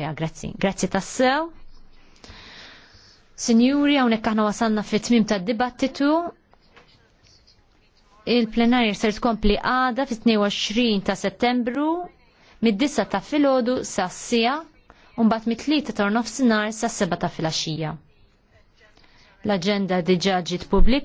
Ewropea. Grazzi. Grazzi tassew. Sinjuri, hawnhekk aħna wasanna fit tmim tad dibattitu Il-plenarja ser tkompli għada fit-22 ta' settembru mid-9 ta' filodu sa' sija u mbagħad mit-3 ta' sinar sa' 7 ta' filgħaxija. l agenda diġà ġiet